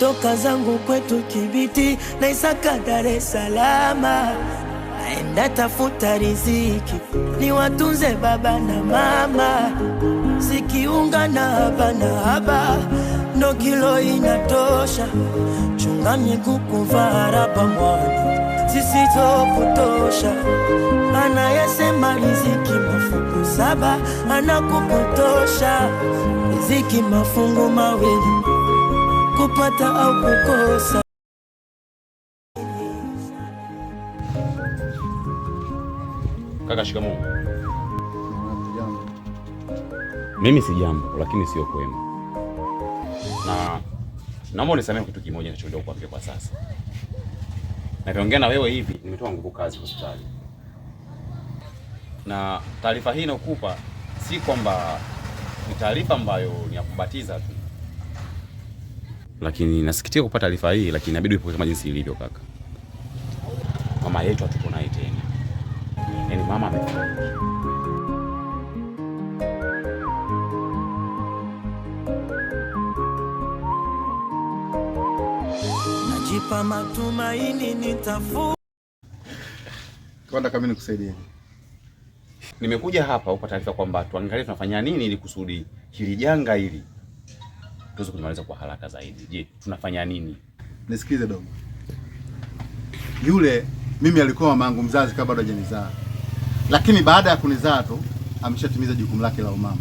toka zangu kwetu Kibiti na Isaka Dar es Salaam, naenda tafuta riziki niwatunze baba na mama, zikiunga na haba na haba ndo kilo inatosha, chunga miguu kuvaa haraba mwana zisizokutosha. Anayesema riziki mafungu saba anakupotosha, riziki mafungu mawili kupata au kukosa. Kaka, shikamoo. Mimi si jambo, lakini sio kwema, na naomba unisamehe kitu kimoja nachoenda kukuambia kwa sasa. Navyoongea na wewe hivi, nimetoa nguvu kazi hospitali, na taarifa hii inakupa si kwamba ni taarifa ambayo ni ya kubatiza tu lakini nasikitika kupata taarifa hii, lakini inabidi ipoke kama jinsi ilivyo. Kaka, mama yetu hatuko naye tena, yaani mama amefariki. Najipa matumaini nitafu Kanda, kama nikusaidie. Nimekuja hapa kwa taarifa kwamba tuangalie tunafanya nini ili kusudi hili janga hili tuweze kumaliza kwa haraka zaidi. Je, tunafanya nini? Nisikize dogo, yule mimi alikuwa mamangu mzazi kabla bado hajanizaa, lakini baada ya kunizaa tu ameshatimiza jukumu lake la umama.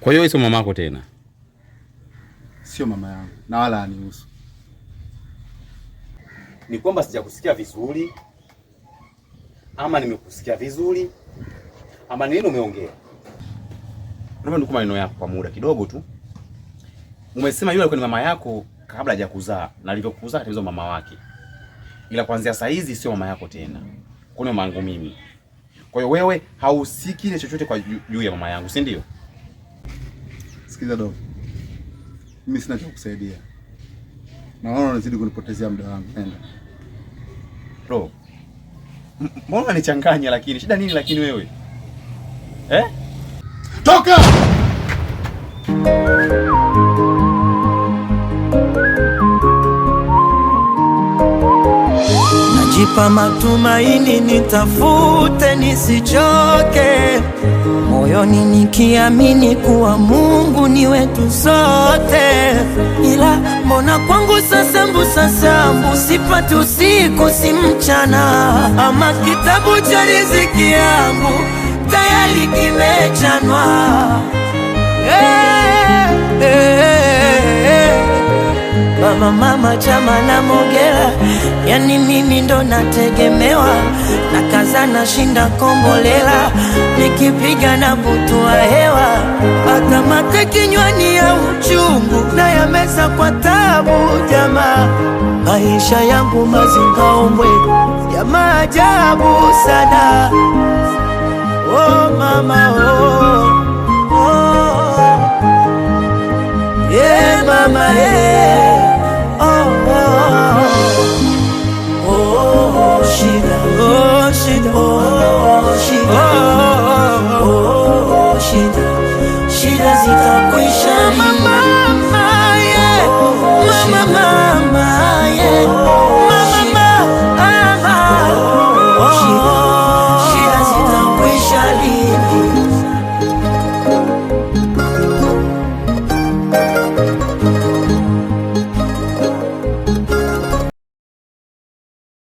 Kwa hiyo sio mamako tena? Sio mama yangu na wala anihusu. Ni kwamba sijakusikia vizuri ama nimekusikia vizuri ama nini umeongea? Naomba nikupe maneno yako kwa muda kidogo tu. Umesema yule alikuwa ni mama yako kabla hajakuzaa na alivyokuzaa atimiza mama wake, ila kuanzia saa hizi sio mama yako tena, kuna mama yangu mimi. Kwa hiyo wewe hausiki ile chochote kwa juu ya mama yangu, si ndio? Sikiza dogo, mimi sina cha kukusaidia, naona unazidi kunipotezea muda wangu. Nenda bro. Mbona unanichanganya lakini? Shida nini lakini wewe? Eh? Toka! Najipa matumaini nitafute nisichoke. Moyoni nikiamini kuwa Mungu ni wetu sote. Ila mbona kwangu sasa mbu sasa mbu sipati usiku si mchana, ama kitabu cha riziki yangu tayari kimechanwa. Hey, eh, eh, hey. Eh mama mama chama na Mogera, yani mimi ndo nategemewa na kaza na shinda kombolela, nikipiga na butua hewa mpaka mate kinywani ya uchungu na yameza kwa tabu. Jamaa maisha yangu mazingaombwe, ya maajabu sana. Oh mama oh.